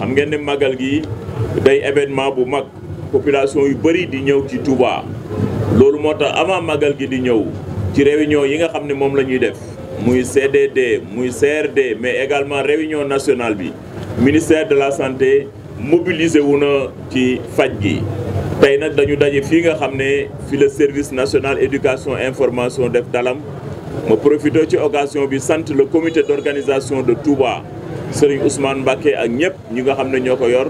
xam ngeen ne màggal gi day événement bu mag population yu bëri di ñëw ci Touba loolu moo tax avant màggal gi di ñëw ci réunion yi nga xam ne moom la ñuy def muy CDD muy CRD mais également réunion nationale bi ministère de la santé mobilisé wu na ci faj gi tey nag dañu daje fii nga xam ne fi le service national éducation information def dalam ma profité ci occasion bi sant la comité d'organisation de Touba Serigne Ousmane Mbacké ak ñëpp ñi nga xam ne ñoo ko yor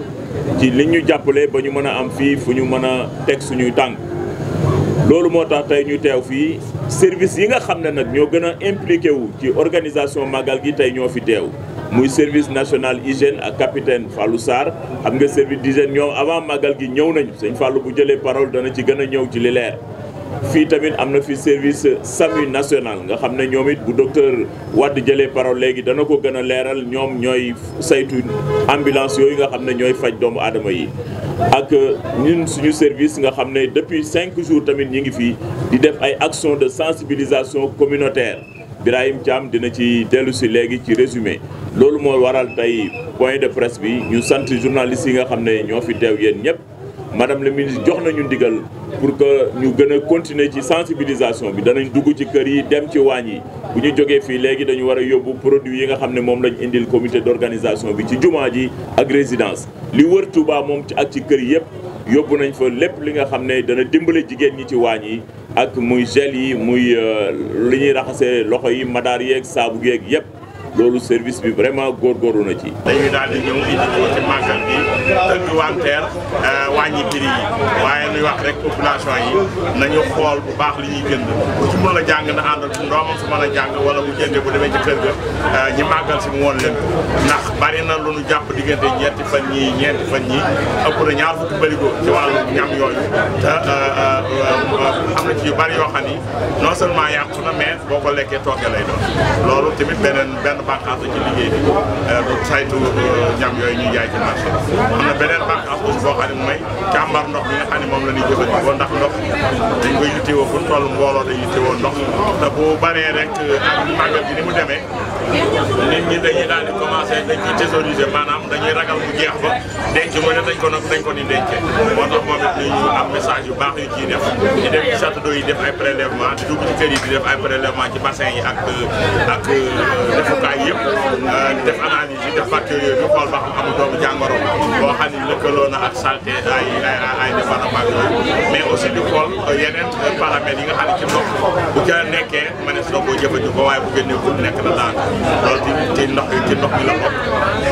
ci li ñu jàppale ba ñu mën a am fii fu ñu mën a teg suñuy tànk loolu moo tax tey ñu teew fii service yi nga xam ne nag ñoo gën a impliqué wu ci organisation màggal gi tey ñoo fi teew muy service national hygiène ak capitaine Fallou Sarr xam nga service d'hygiène ñoom avant màggal gi ñëw nañu sëñ Fallou bu jëlee parole dana ci gën a ñëw ci li leer fii tamit am na fi service SAMU national nga xam ne ñoom it bu docteur Wade jëlee parole léegi dana ko gën a leeral ñoom ñooy saytu ambulance yooyu nga xam ne ñooy faj doomu aadama yi. ak ñun suñu service nga xam ne depuis cinq jours tamit ñi ngi fii di def ay action de sensibilisation communautaire Birahim Thiam dina ci dellu si léegi ci résumé loolu moo waral tey point de presse bi ñu sant journalistes yi nga xam ne ñoo fi teew yéen ñëpp. madame la ministre jox nañu ndigal pour que ñu gën a continuer ci sensibilisation bi danañ dugg ci kër yi dem ci waañ yi bu ñu jógee fii léegi dañu war a yóbbu produit yi nga xam ne moom lañ indil comité d'organisation bi ci jumaa ji ak résidence li wër Touba moom ci ak ci kër yëpp yóbbu nañ fa lépp li nga xam ne dana dimbale jigéen ñi ci waañ yi ak muy gel yi muy euh, li ñuy raxase loxo yi madaar yeeg saabu geeg yëpp loolu service bi vraiment góor góorgóorlu na ci. dañuy daal di ñëw indi ko ci màggal bi tëgg wanteer euh, wàññi prix yi waaye nuy wax rek population yi nañu xool bu baax li ñuy jënd su mën a jàng na àndal bu ndoomam su mën a jàng wala bu jëndee bu demee ci ga euh, ñi màggal si mu woon leen ndax bari na lu ñu jàpp diggante ñeenti fan ñi ñeenti fan ñi ëpp na ñaar fukki bërigo ci wàllu ñam yooyu te euh, am na ci yu bari yoo xam ni non seulement yàqu na mais boo ko lekkee tooke benn bànqaas la ci liggéey bi euh, saytu ñam euh, yooyu ñuy jaay ci marché am na beneen bànqaas aussi boo xam ne mooy càmbar ndox mi nga xam ne moom la ñuy jëfandikoo ndax ndox dañ koy yittewoo fu toll mbooloo dañ yittewoo ndox te bu baree rek euh, ak màggal gi ni mu demee nit ñi dañuy daal di commencé dañ ciy thésauriser maanaam dañuy ragal mu jeex ba denc mu ne dañ ko nag dañ ko ni dencee moo tax moom it ñu am message yu baax yu ciy def di dem ci château d'eau yi def ay prélèvement di dugg ci kër yi di def ay prélèvement yi ak def analyse yi def facteurs yooyu ñu xool ba xam amul doomu jàngoro boo xam ne lëkkaloo na ak santé ay ay ay yooyu mais aussi di xool euh, yeneen euh, paramètres yi nga xam ne ci ndox bu nekkee ma ne soo ko jëfandikoo waaye bu nekk la daan loolu ci ci ndox ci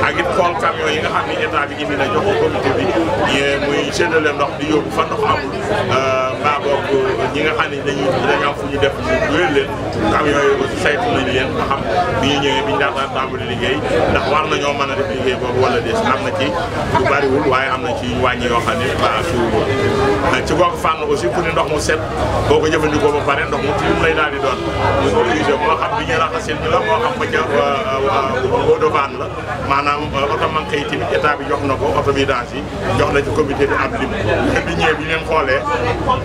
ak it xool yi nga xam ne état bi indi na jox ko comité bi muy séddale ndox di yóbbu fa ndox amul euh, mbaa boog ñi nga xam ne dañuy fu ñu def ñu wér leen kam saytu nañu leen ba xam bi ñu ñëwee bi ñu daataan tàmbali liggéey ndax war nañoo man a def liggéey boobu wala des am na ci lu bariwul waaye am na ci wàññi yoo xam ne ba suubo euh, ci boog fànn aussi ku ne ndox mu set boo ko jëfandikoo ba pare ndox mu tilim lay daal di doon mu utilisé moo xam bi ñu raxasin bi la moo xam ba ca euh, euh, la maanaam oto man yi tamit état bi jox na ko oto vidange yi jox na ci comité bi ab lim bi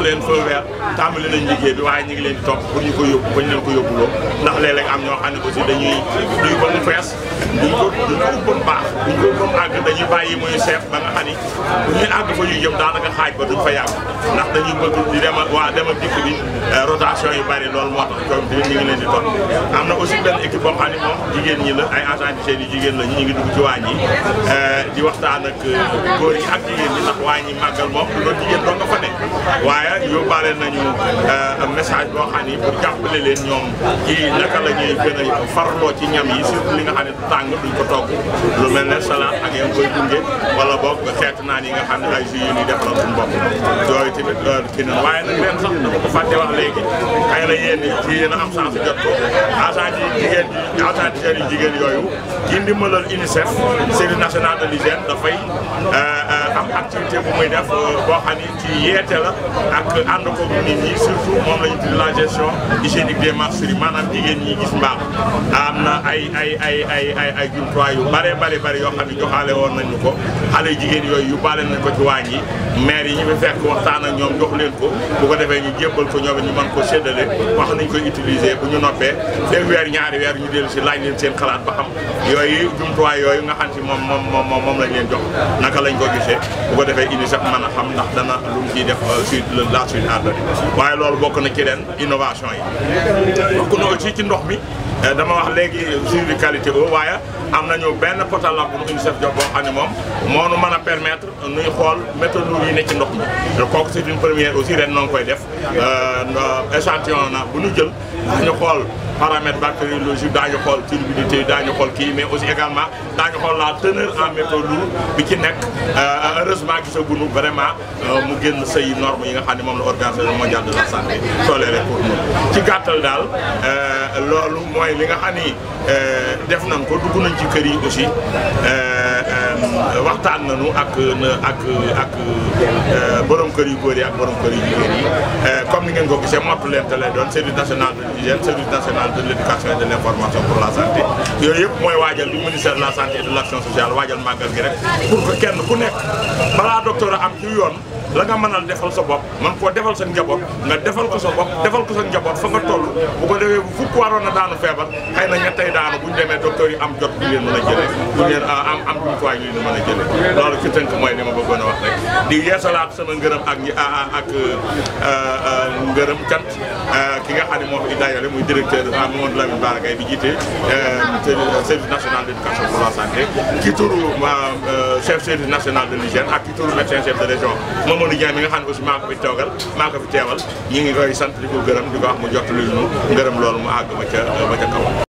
jox leen feu vert tàmbali nañ liggéey bi waaye ñu ngi leen di topp pour ñu ko yóbbu ba ñu leen ko yóbbuloo ndax léeg am ñoo xam ne aussi dañuy duy ko mu fees duñ ko duñ ko baax duñ ko ubboon àgg dañuy bàyyi muy seef ba nga xam ni bu ñuy àgg fa ñuy jëm daanaka xaaj ko duñ fa yàgg ndax dañuy bëgg di demal waa demal dikk bi euh, rotation yu bari loolu moo tax comme ñu ngi leen di topp am na aussi benn équipe boo xam ne moom jigéen ñi la ay agent di seen yi jigéen la ñu ñu ngi dugg ci waañ yi euh, di waxtaan ak euh, góor yi ak jigéen ñi ndax waañ yi màggal moom du yóbbaale nañu euh, message boo xam ni pour jàppale leen ñoom ci naka la ñuy gën a farloo ci ñam yi surtout li nga xam ne tàng duñ ko togg lu mel ne salade ak yéen koy gunge wala boog xeetu naan yi nga xam ne ay jus yu ñuy defal suñu bopp yooyu tamit kii na waaye nag leen sax dama ko fàtte wax léegi xëy na yéen ci yéen a am chance jot ko agent yi jigéen yi agent yi jigéen yooyu ci ndimbalal UNICEF service national de l'hygiène dafay euh, euh, am activité bu muy def euh, boo xam ni ci yeete la ak ànd ko nit ñi surtout moom la ñu tudd la gestion hygiénique des marcheries maanaam jigéen ñi gis mbaax am na ay ay ay ay ay ay jumtuwaay yu bare bare bare yoo xam ne joxaale woon nañu ko xale jigéen yooyu yu baale nañ ko ci waañ yi maire yi ñu fi fekk waxtaan ak ñoom jox leen ko bu ko defee ñu jébbal ko ñoom ñu mën ko séddale wax nañ koy utiliser bu ñu noppee fekk weer ñaari weer ñu dellu si laaj leen seen xalaat ba xam jumtuwaay yooyu nga xam si moom moom moom moom lañ leen jox naka lañ ko gisee rek bu ko defee indi sax mën a xam ndax dana lu mu def euh, suite la suite en waaye loolu bokk na ci ren innovation yi bokk na aussi ci ndox mi euh, dama wax léegi jus de qualité boobu waaye am nañu benn potal la pour UNICEF jox boo xam ne moom moo nu mën a permettre nuy xool méthodes yi ne ci ndox mi kooku c'est une première aussi ren noo ngi koy def euh, échantillon na bu ñu jël daañu xool paramètres bactériologiques daañu xool turbidité daañu xool kii mais aussi également daañu xool la teneur en métaux lourds bi ci nekk euh, euh, heureusement gisaguñu vraiment euh, mu génn say normes yi nga xam ne moom la organisation mondiale de la santé toléré pour nous ci gàttal daal loolu mooy li nga xam ni def nañ ko dugg nañ ci kër yi aussi. waxtaan nañu ak ak ak euh, borom kër yu góor yi ak borom kër yu jigéen yi euh, comme ni ngeen ko gisee mottu leen te lay doon service national de l'hygiène service national de l'éducation et de l'information pour la santé yooyu yëpp mooy waajal bi ministère de la santé de l'action sociale waajal màggal gi rek pour kenn ku nekk balaa docteur a am ci yoon la nga mënal defal sa bop man koo defal sa njaboot nga defal ko sa bopp defal ko sa njaboot fa nga toll bu ko defee bu fukk waroon na daanu feebar xëy na ñettay bu ñu demee docteur am jot bu leen mën a jëlee yi nu mën a jëlee loolu ci tënk mooy li ma bëggoon a wax rek di yeesalaat sama ngërëm ak ñi ak euh, euh, ngërëm cant euh, ki nga xam ne moo fi dajale muy directeur Mamadou Lamine Bara Gaye bi jiite service national d' éducation pour la santé national de l'hygiène ak ci turu médecin chef de région Mamadou Ndiaye mi nga xam ne aussi maa ko fi toogal maa ko fi teewal ñu ngi koy sant di ko gërëm di ko wax mu jot lu ñu ngërëm loolu mu àgg ma ca ba